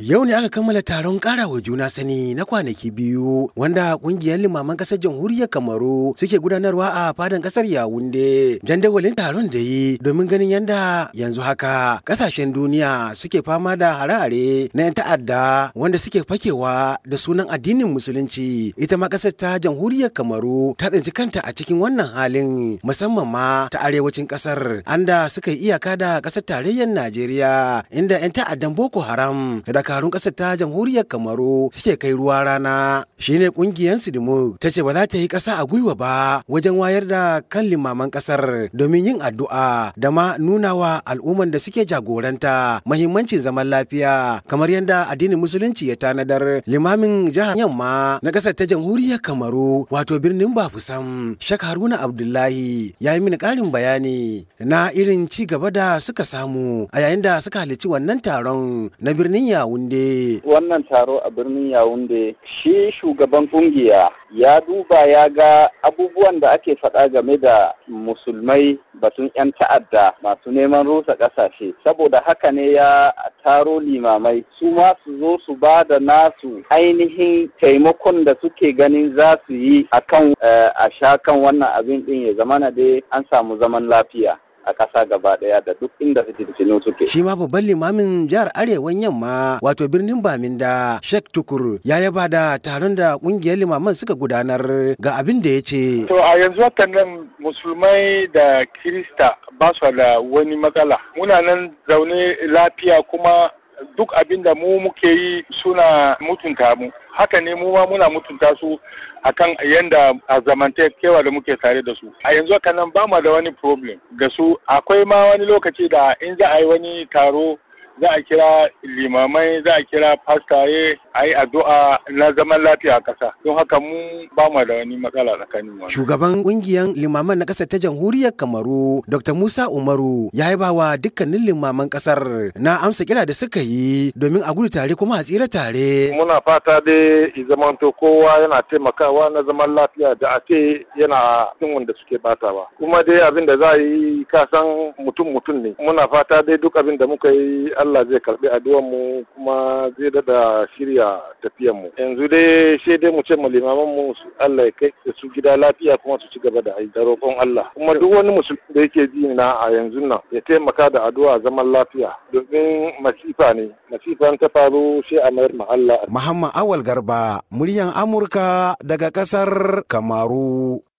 Yau ne aka kammala taron ƙara wa juna sani na kwanaki biyu wanda ƙungiyar limaman ƙasar jamhuriyar Kamaru suke gudanarwa a fadan ƙasar Yawunde. Jandawalin taron da yi domin ganin yadda yanzu haka ƙasashen duniya suke fama da harare na yan ta'adda wanda suke fakewa da sunan addinin musulunci. Ita ma ƙasar ta jamhuriyar Kamaru ta tsinci kanta a cikin wannan halin musamman ma ta arewacin ƙasar anda suka yi iyaka da ƙasar tarayyar Najeriya inda yan ta'addan Boko Haram dakarun ƙasar ta jamhuriyar kamaru suke kai ruwa rana shine kungiyar sidimu ta ce ba za ta yi ƙasa a gwiwa ba wajen wayar da kan limaman ƙasar domin yin addu'a da ma nuna wa al'umman da suke jagoranta mahimmancin zaman lafiya kamar yadda addinin musulunci ya tanadar limamin jihar yamma na ƙasar ta jamhuriyar kamaru wato birnin bafusam shak haruna abdullahi ya yi mini ƙarin bayani na irin ci gaba da suka samu a yayin da suka halarci wannan taron na birnin yawo Yawunde. Wannan taro a birnin Yawunde shi shugaban kungiya ya duba ya ga abubuwan da ake faɗa game da musulmai batun 'yan ta'adda masu neman rusa ƙasashe. Saboda haka ne ya taro limamai su ma su zo su ba da nasu ainihin taimakon da suke ganin za su yi akan eh, a sha kan wannan abin ɗin ya zamana dai an samu zaman lafiya. a ƙasa gaba ɗaya da duk inda fitintinu suke. Shi ma babban limamin jihar Arewan Yamma wato birnin Baminda Sheikh Tukur ya yaba da taron da ƙungiyar limaman suka gudanar ga abin da ya ce. To a yanzu haka nan musulmai da Kirista ba su da wani matsala. Muna nan zaune lafiya kuma duk abinda da mu muke yi suna mutunta mu haka ne mu ma muna mutunta su akan yadda a zamantakewa da muke tare da su a yanzu haka nan ba mu da wani problem ga su akwai ma wani lokaci da in za a yi wani taro za a kira limamai za a kira pastaye a yi addu'a na zaman lafiya a ƙasa don haka mu ba mu da wani matsala tsakanin mu. Shugaban ƙungiyar limaman na ƙasar ta jamhuriyar Kamaru Dr. Musa Umaru ya yi bawa dukkanin limaman ƙasar na amsa kira da suka yi domin a gudu tare kuma a tsira tare. Muna fata dai zamanto kowa yana taimakawa na zaman lafiya da a ce yana cin wanda suke batawa. Kuma dai abin da za a yi kasan mutum mutum ne. Muna fata dai duk abin da muka yi Allah zai karbi addu'ar mu kuma zai dada shirya da tafiyan mu yanzu dai sai dai mu ce mu limaman mu Allah ya kai da su gida lafiya kuma su ci gaba da aiki da roƙon Allah kuma duk wani musulmi da yake ji na a yanzu nan ya taimaka da addu'a zaman lafiya domin masifa ne masifan ta faru sai a mayar ma Allah Muhammad Awal Garba muryan Amurka daga kasar Kamaru